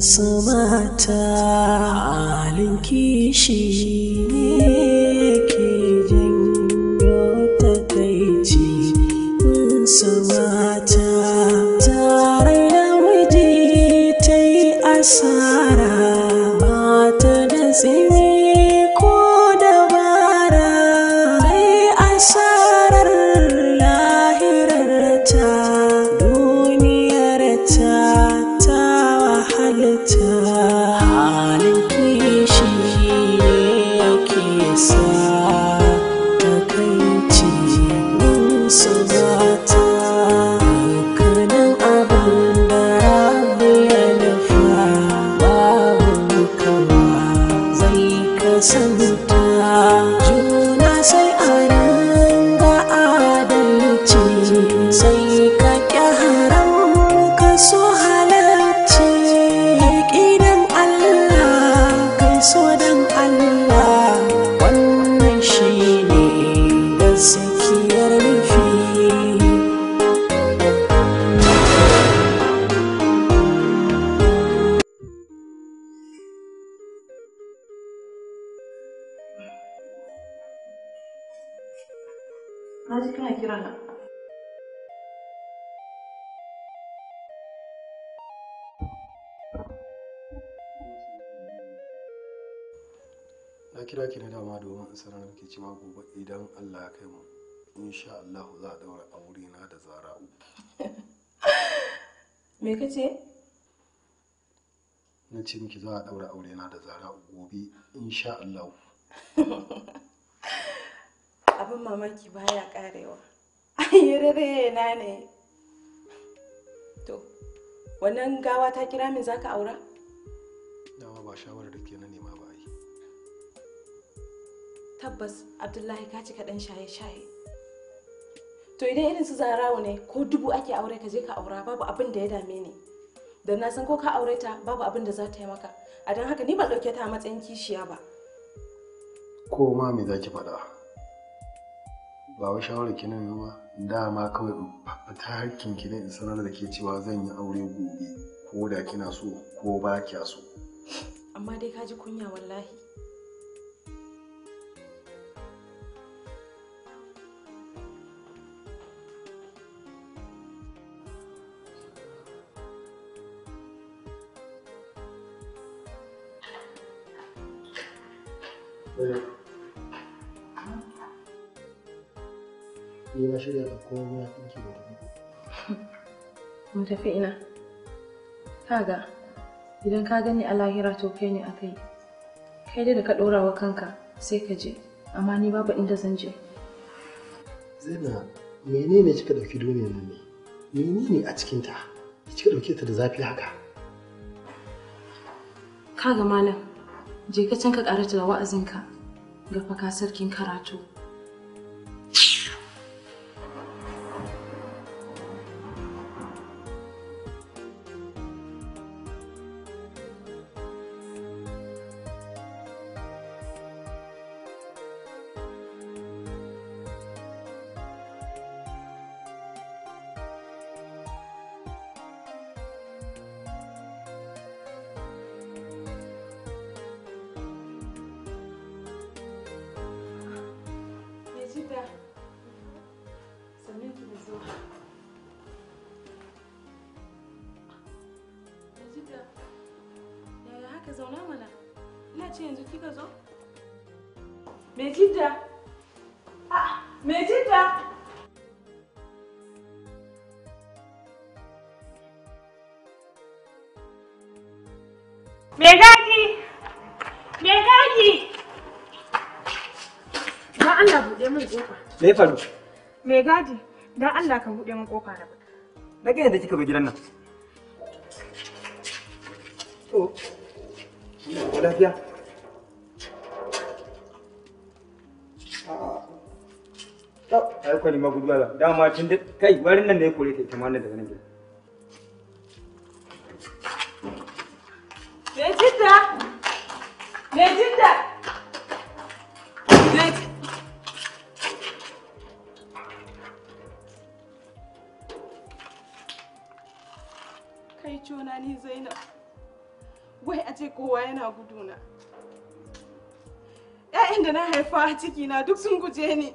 su mata halin kishi cikin hakiran nan na kira ki na dama domin in sanar ke cewa gobe idan Allah ya kai mu insha Allah za a daura aure na da zara me kace na ce miki za a daura aure na da zara'u gobe insha Allah abin mamaki baya karewa yi rere na ne to wannan gawa ta kira min zaka aura ba shawarar da ke na nema ba yi tabbas abdullahi ka cika ɗan shaye-shaye to idan irin su zarawa ne ko dubu ake aure ka je ka aura babu abin da ya dame ni da na san ko ka aure ta babu abin da za ta yi maka a don haka ni ban ɗauke ta a matsayin kishiya ba ko ma me za ki faɗa ba wa shawarar ki nan ba dama kawai fita hakkin ki ne in sanar da ke cewa zan yi aure gobe ko da kina so ko ba kya so amma dai ka ji kunya wallahi shirya da komai a ɗinki da Mun tafi ina. Kaga, idan ka gani a lahira to kai ne aka yi. Kai dai da ka ɗora wa kanka sai ka je, amma ni babu inda zan je. Zaina, menene kika ɗauki duniyar nan ne? Menene a cikinta? Kika ɗauke ta da zafi haka? Kaga malam, je ka can ka ƙara da wa'azinka ga ka sarkin karatu. ka zauna mana ina ce yanzu kika zo me jidda ah me jidda Me gadi! Me gadi! Dan Allah buɗe min kofa. Me faru? Me gadi, dan Allah ka buɗe min kofa da. Na ga yadda kika zo gidan nan. ku lafiya ai ku ne magudu ba dama tun da kai warin nan ne ya kore ta ita ma daga nan gida Mejinda! Mejinda! Mejinda! Kai cona ni Zainab. wai a ce kowa yana guduna ‘ya'yan da na haifa ciki na duk sun guje ni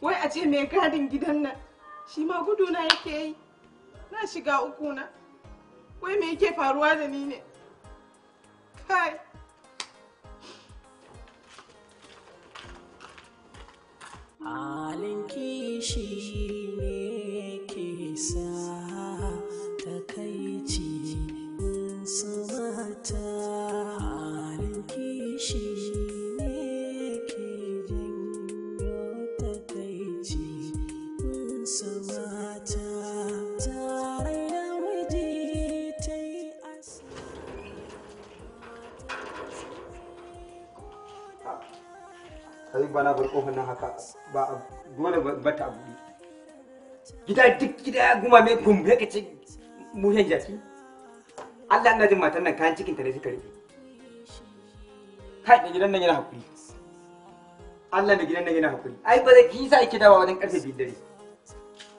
wai a ce mai gadin gidan nan shi ma guduna yake yi na shiga uku na wai me yake faruwa da ni ne kai alin kishi sai ba na bar kofar nan haka ba dole ba ta buɗe gida duk gida ya guma mai kumbe ka ce mushen jaki Allah ina jin matan nan kayan cikin ta ne suka rufe kai gidan nan yana hakuri Allah da gidan nan yana hakuri ai ba zai kisa yake dawa wajen karfe biyar dare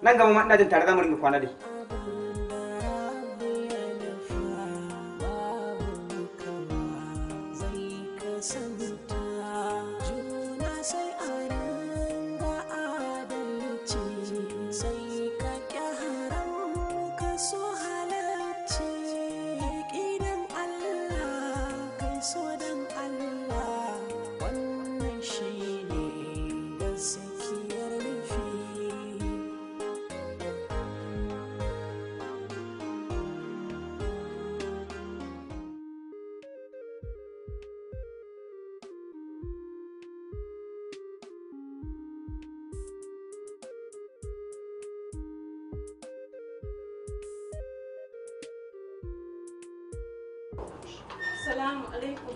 nan gaba ma ina jin tare zamu ringa kwana da shi Assalamu alaikum.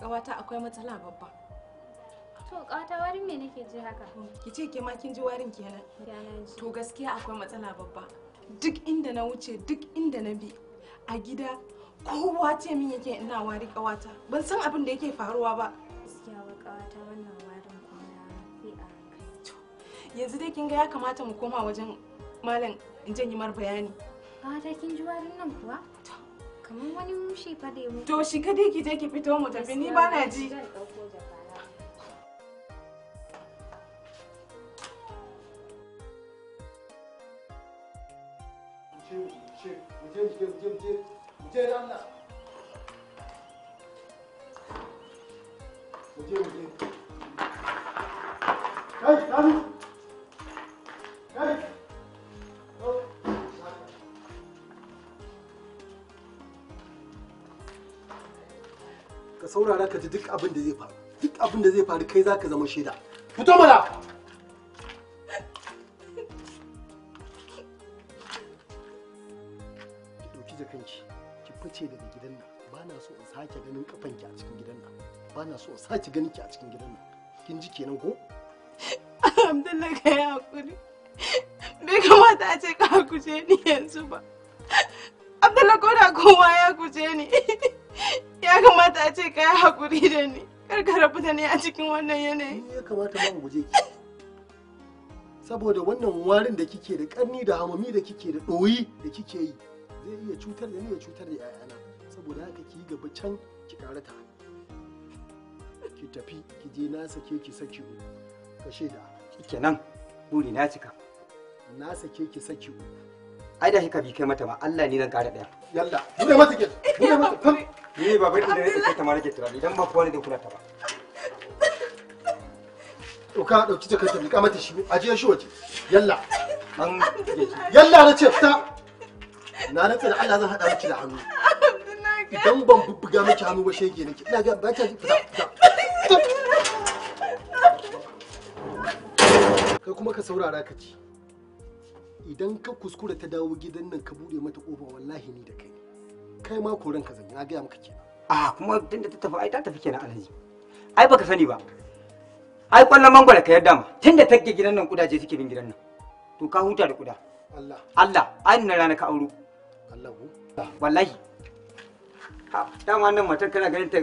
Ƙawata akwai matsala babba. To ƙawata warin me nake ji haka? Ki ce ke ma kin ji warin kenan. To gaskiya akwai matsala babba. Duk inda na wuce duk inda na bi a gida kowa ce min yake ina wari ƙawata. Ban san abin da yake faruwa ba. yanzu dai kin ga ya kamata mu koma wajen malam in je yi mar bayani a ta kin ji warin nan kuwa kamar wani mushi fa da yau to shiga dai ki je ki fito mu tafi ni ba na ji duk abin da zai faru duk abin da zai faru kai zaka zama shaida fito mana ki dauki jakanki ki fice daga gidan nan ba na so in sake ganin kafanki a cikin gidan nan ba na so in sake ganin ki a cikin gidan nan kin ji kenan ko alhamdulillah kai hakuri bai kamata a ce ka guje ni yanzu ba abdullahi ko da kowa ya guje ni ya kamata a ce kai hakuri da ni kar ka rabu da ni a cikin wannan yanayi ya kamata ba mu guje ki saboda wannan warin da kike da karni da hamami da kike da doyi da kike yi zai iya cutar da ni ya cutar da yayana saboda haka ki yi gaba can ki ta ki tafi ki je na sake ki saki uku ka shaida kenan buri na cika na sake ki saki ku. ai da kika bi kai mata ma Allah ne zan kara daya yalla bude mata ke bude mata ni ba bai da ya ta mara ke tunani dan ba kowa ne da kula ta ba ka dauki ta kanta miƙa mata shi aje shi waje yalla an yalla na ce fita na na ce da Allah zan hada miki da hannu idan ban bubbuga miki hannu ba shege nake ina ga ba ta fita kai kuma ka saurara ka ci idan ka kuskura ta dawo gidan nan ka bude mata kofa wallahi ni da kai kai ma koren ka zan na gaya maka ke a ah, kuma tun da ta tafi ai ta tafi kenan alhaji ai baka sani ba ai kwallon mangwala ka yarda ma tun da tagge gidan nan kudaje suke bin gidan nan to ka huta da kuda Allah Allah ai na rana ka auro Allah ku wallahi ha dama nan matan kana ganin ta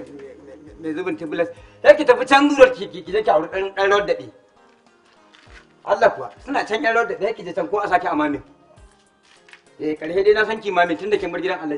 mai zubin tibulas sai ki tafi can zuwa ki ki je ki auri dan dan rawar dade Allah kuwa suna can yan rawar daɗe ki je can ko a sake amamin eh karhe dai na san kimamin tun da kin bar gidan Allah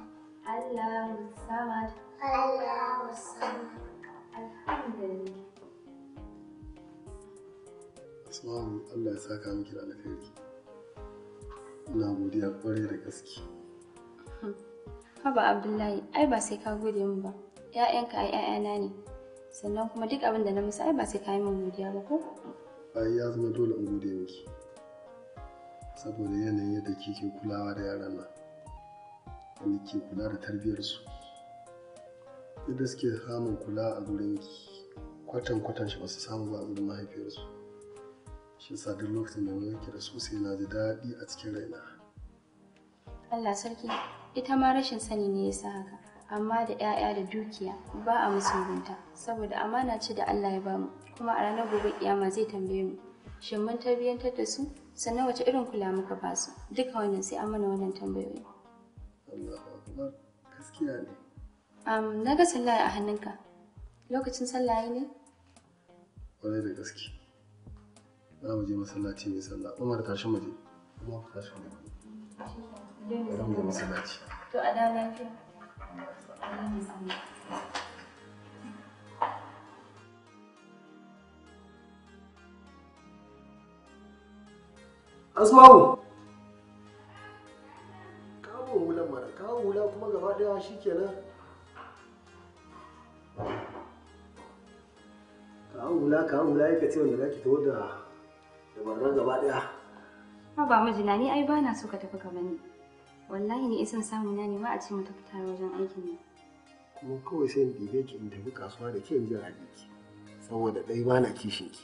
الله الصمد الله الصمد الحمد Asma'u Allah ya saka miki da alheri. Ina godiya kwarai da gaske. Haba Abdullahi, ai ba sai ka gode min ba. ‘Ya'yanka ai ‘ya'yana ne. Sannan kuma duk abin da na musa ai ba sai ka yi min godiya ba ko? Ai ya zama dole in gode miki. Saboda yanayin yadda kike kulawa da yaran nan. da ke kula da tarbiyarsu duk suke samun kula a gurin kwatan kwatan shi ba samu ba a gurin mahaifiyarsu shi yasa duk lokacin da muke da su sai na da daɗi a cikin raina Allah sarki ita ma rashin sani ne ya sa haka amma da 'ya'ya da dukiya ba a musulunta saboda amana ce da Allah ya ba mu kuma a ranar gobe kiyama zai tambaye mu shin mun tarbiyantar da su sannan wace irin kula muka ba su duka wannan sai an mana wannan tambayoyi Gaskiya ne. Um, na ga sallah a hannunka. Lokacin sallah sallaye ne? Wane da gaske. Za mu je masallaci mai sallah. Umar tashi mu je. Umar tashi mu je. Za mu je masallaci. To a da lafiya. Asma'u. kawo hula, mana kawo hula kuma gaba daya shi kenan kawo hula kawo hula ya kace wanda zaki tawo da dabarar gaba daya ma ba mijina ni ai bana so ka tafi kamar ni wallahi ni isan samu na ne ma a ce mu tafi tare wajen aikin ne kuma kawai sai in dibe ki in tafi kasuwa da ke in ji ki saboda ɗai ba na kishin ki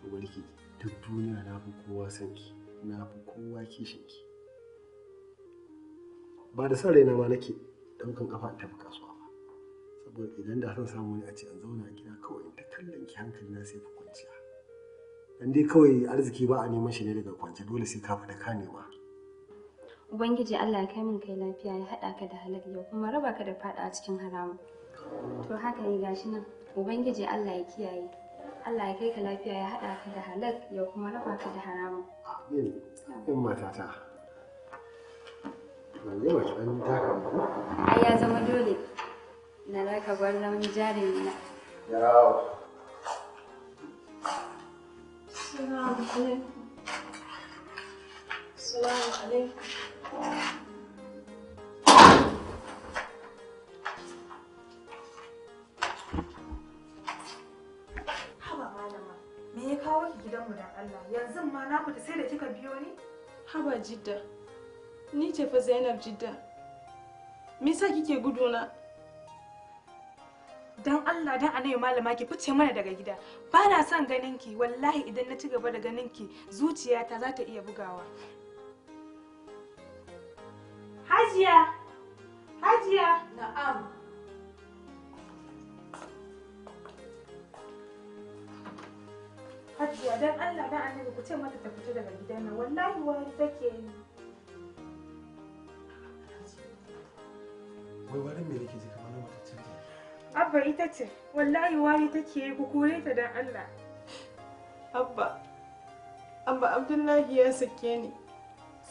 to bari ki duk duniya na fi kowa san ki na fi kowa kishin ki ba da san raina ma nake daukan kafa in tafi kasuwa ba saboda idan da san samu ne a ce an zauna a gida kawai in ta kallon ki hankali na sai fi kwanciya dan dai kawai arziki ba a neman shi ne daga kwance dole sai ka da ka nema ubangiji Allah ya kai min kai lafiya ya hada ka da halal ya kuma raba ka da fada a cikin haramun to haka ne gashi nan ubangiji Allah ya kiyaye Allah ya kai ka lafiya ya hada ka da halal ya kuma raba ka da haramun amin matata wace Ai ya zama dole na raka bar wani jarumi na. Yawo. Salamu alaikum. Salamu alaikum. Me ya kawo ki gidanmu da Allah? Yanzu ma na fita sai da kika biyo ni? Haba jidda. Ni ce fa Zainab Jidda. Me yasa kike guduna? Dan Allah dan anayi malama ki fice mana daga gida. Ba na son ganin ki, wallahi idan na ci gaba da ganin ki, zuciyata za ta iya bugawa. Hajiya! Hajiya! Na'am. Hajiya dan Allah dan annabi ku ce mata ta fita daga gidan nan, wallahi wani take yi. wai warin me nake ji kamar na mataccen ji abba ita ce wallahi wani take yi ku kore ta dan Allah abba abba abdullahi ya sake ni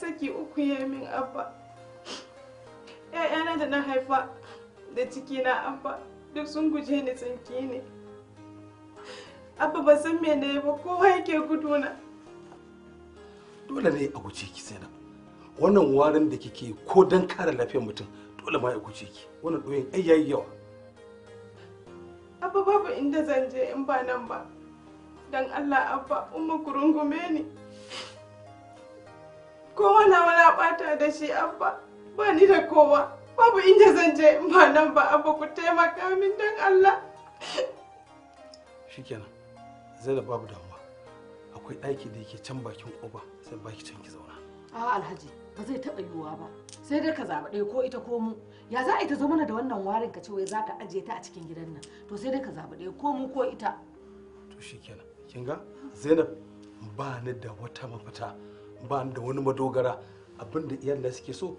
saki uku ya min abba ‘ya'yana da na haifa da ciki na abba duk sun guje ni tsinki ne abba ba san me ne ba kowa yake guduna dole ne a guje ki sai wannan warin da kike ko don kare lafiyar mutum dole ma ya guce ki wannan doyin ai yayi yawa abba babu inda zan je in ba nan ba dan Allah abba umma ku rungume ni kowa na wala bata da shi abba ba ni da kowa babu inda zan je in ba nan ba abba ku taimaka min dan Allah shikenan zainab babu damuwa akwai aiki da yake can bakin oba sai baki can ki zauna a alhaji ba zai taɓa yiwuwa ba sai dai ka zaɓi ɗaya ko ita ko mu ya za a ita zo mana da wannan warin ka ce wai za ka ajiye ta a cikin gidan nan to sai dai ka zaɓi ɗaya ko mu ko ita to shikenan kin ga Zainab ba ni da wata mafita ba ni da wani madogara abinda iyalan suke so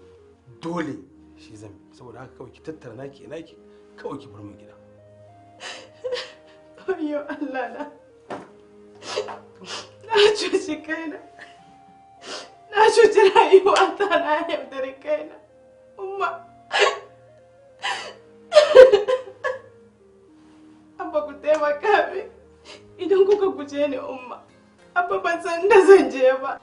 dole shi zan saboda haka kawai ki tattara naki naki kawai ki bar mu gida Ayyo Allah na. Na cuci kaina. na cuci rayuwata na yaudari kaina umma abba ku taimaka idan kuka guje ni umma abba ban san da zan je ba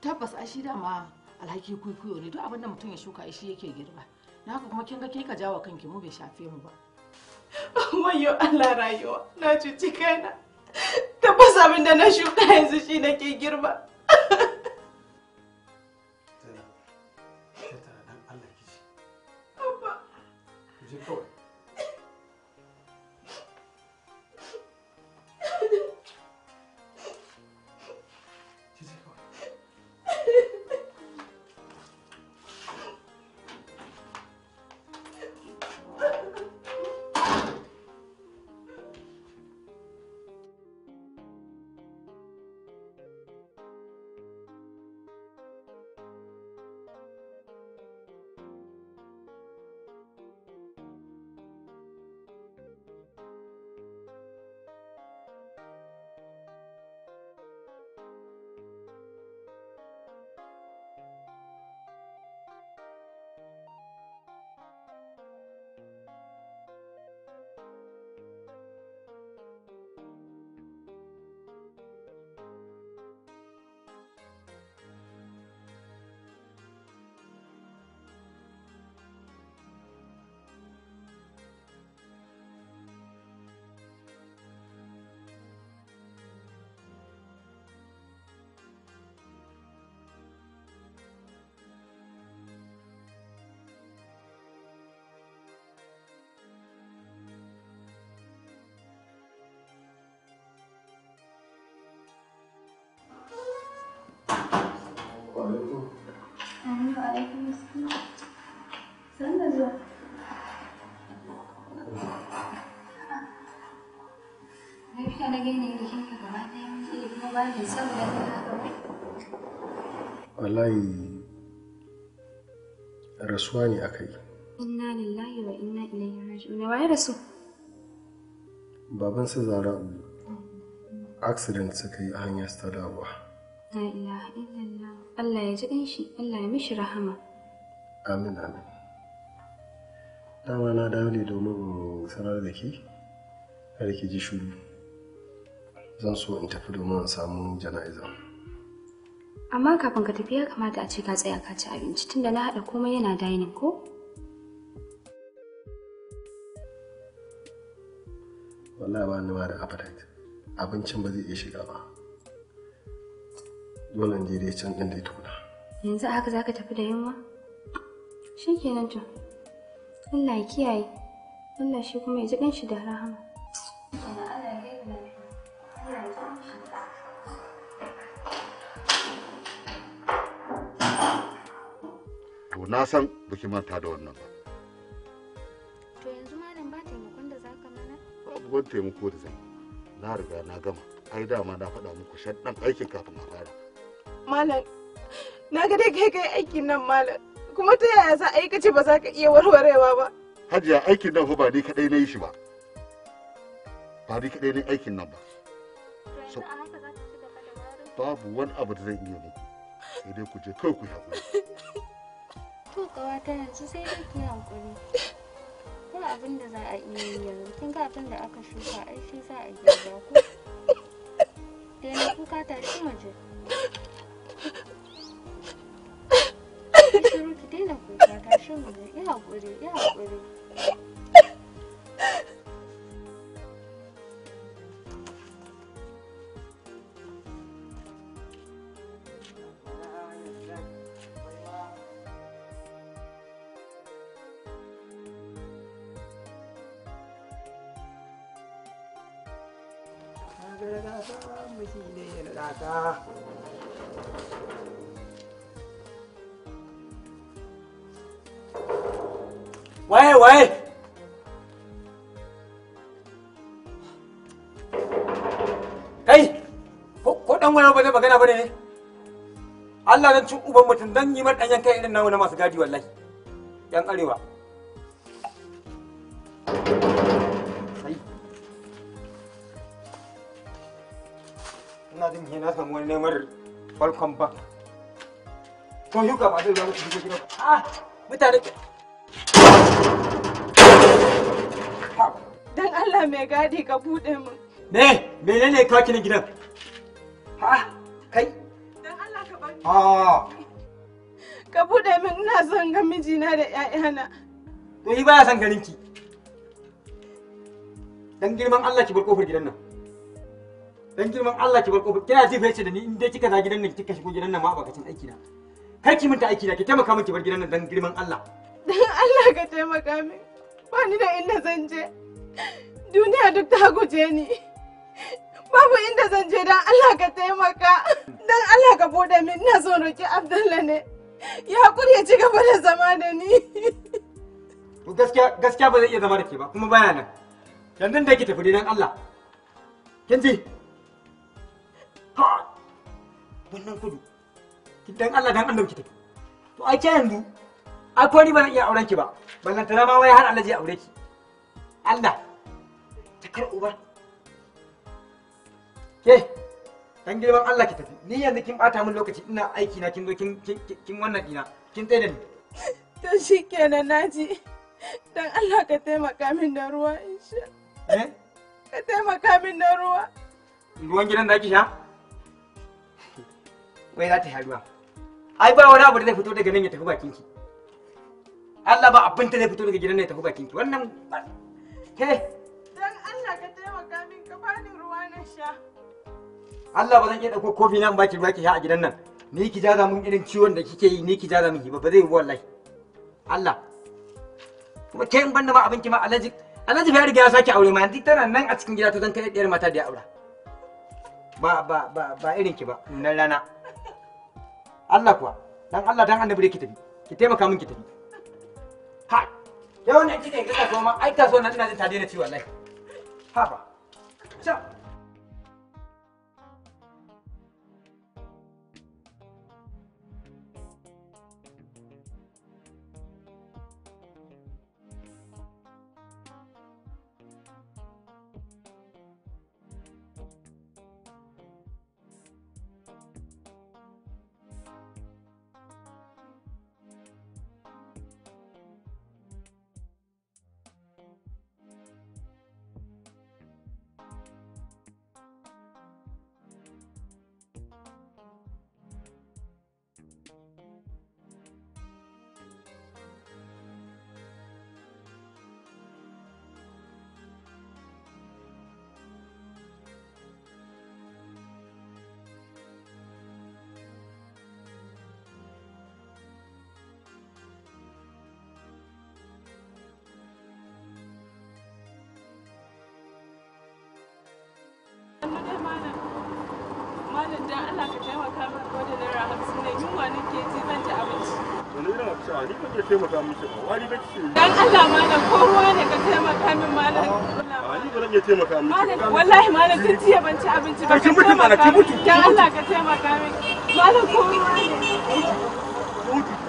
tabbas ashi dama alhaki kuikuyo ne duk abin da mutum ya shuka shi yake girba na haka kuma kin ga kai ka jawo kanki mu bai shafe mu ba wayo Allah rayuwa na cuci kaina nake girba alaikum. Amin rasuwa ne aka yi. Inna lillahi wa inna ilaihi raji'un. Waye rasu? Baban su Zara Accident suka yi a hanyar su La ilaha illallah. Allah ya ji ƙanshi, Allah ya mishi rahama. Amin amin. Dama na dawo ne domin sanar da ke, kada ki ji shuru. Zan so in tafi domin a samu jana'iza. Amma kafin ka tafi ya kamata a ce ka tsaya ka ci abinci tunda na haɗa komai yana dainin ko? Wallahi ba ni ma da appetite. Abincin ba zai iya shiga ba. dole in je dai can ɗin dai tukuna. Yanzu haka za ka tafi da yunwa? Shi nan to. Allah ya kiyaye. Allah shi kuma ya ji ɗan shi da rahama. To na san ki manta da wannan ba. To yanzu malam ba taimakon da za ka mana? Ba wani taimako da zan. Na riga na gama. Ai dama na faɗa muku shaɗan aikin kafin a fara. malam na ga dai kai kai aikin nan malam kuma ta yaya za a yi kace ba za ka iya warwarewa ba hajiya aikin nan ba ni kadai na yi shi ba ba ni kadai na yi aikin nan ba babu wani abu da zan iya muku sai dai ku je kai ku haƙuri to ta yanzu sai dai ki haƙuri ko abin da za a iya yi yanzu kin ga abin da aka shuka ai shi za a ba ko dai na kuka tashi mu je Yeah, haƙuri Yeah, haƙuri cin uban mutum dan yi mar ɗanyen kai irin nawo na masu gadi wallahi yan arewa ina jin yana samu wani neman welcome ba to yuka ba zai zama cikin gida ah mutane dan Allah mai gadi ka bude mu ne menene ka kini gidan ha kai Ah. Ka buɗe min ina son ga mijina da ‘ya'yana. To yi baya son ganin ki. Dan girman Allah ki bar kofar gidan nan. Dan girman Allah ki bar kofar. Kina ji fece da ni in dai kika za gidan nan kika shigo gidan nan ma ba bakacin aiki na. Kar ki minta aiki na ki taimaka min ki bar gidan nan dan girman Allah. Dan Allah ka taimaka min. Ba ni da inda zan je. Duniya duk ta guje ni. Babu inda zan je dan Allah ka taimaka. Dan Allah ka bude min ina so roki Abdullah ne. Ya hakuri ya ci gaba da zama da ni. Gaskiya gaskiya ba zai iya zama da ke ba kuma baya nan. Yanzu da ki tafi dan Allah. Kin ji? Ha! Wannan kudu. Ki dan Allah dan Allah ki tafi. To ai ke yanzu ai ko ni ba zan iya auren ki ba. Ballan tana ma wai har Allah zai aure ki. Allah. kar uba. Ke. Okay. dan girman Allah ki tafi ni yanzu kin bata min lokaci ina aiki na kin zo kin kin wannan dina kin tsaye da ni to shikenan naji dan Allah ka taimaka min da ruwa insha eh ka taimaka min da ruwa ruwan gidan da kike sha wai za ta sha ai ba wani abu da zai fito daga nan ya tafi bakin ki Allah ba abin da zai fito daga gidan nan ya tafi bakin ki wannan ke dan Allah ka taimaka min ka bani ruwa na sha Allah ba zan iya dauko kofi nan baki ruwa ki sha a gidan nan ni ki jaza mun irin ciwon da kike yi ni ki jaza mun ba zai yi wallahi Allah kuma kai in banda ba abinki ma alaji alaji ya riga ya saki aure ma yanzu tana nan a cikin gida to zan kai ɗiyar mata da ya aura ba ba ba ba irin ki ba nan rana Allah kuwa dan Allah dan annabi ki tafi ki taimaka min ki tafi ha yawan ne kike ga kasuwa ma ai so na ina jin ta daina ciwon wallahi ha ba ciao Malam dan Allah ka taimaka min ko da naira hamsin ne yunwa nake ji zan ci abinci. To ni ina cewa ni ban iya taimaka miki ba wani ba ce. Dan Allah malam ko ruwa ne ka taimaka min malam. Ni ba zan iya taimaka miki. Malam wallahi malam tun jiya ban ci abinci ba. Ki mutu mana ki mutu. Dan Allah ka taimaka min. Malam ko ruwa ne.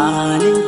darling.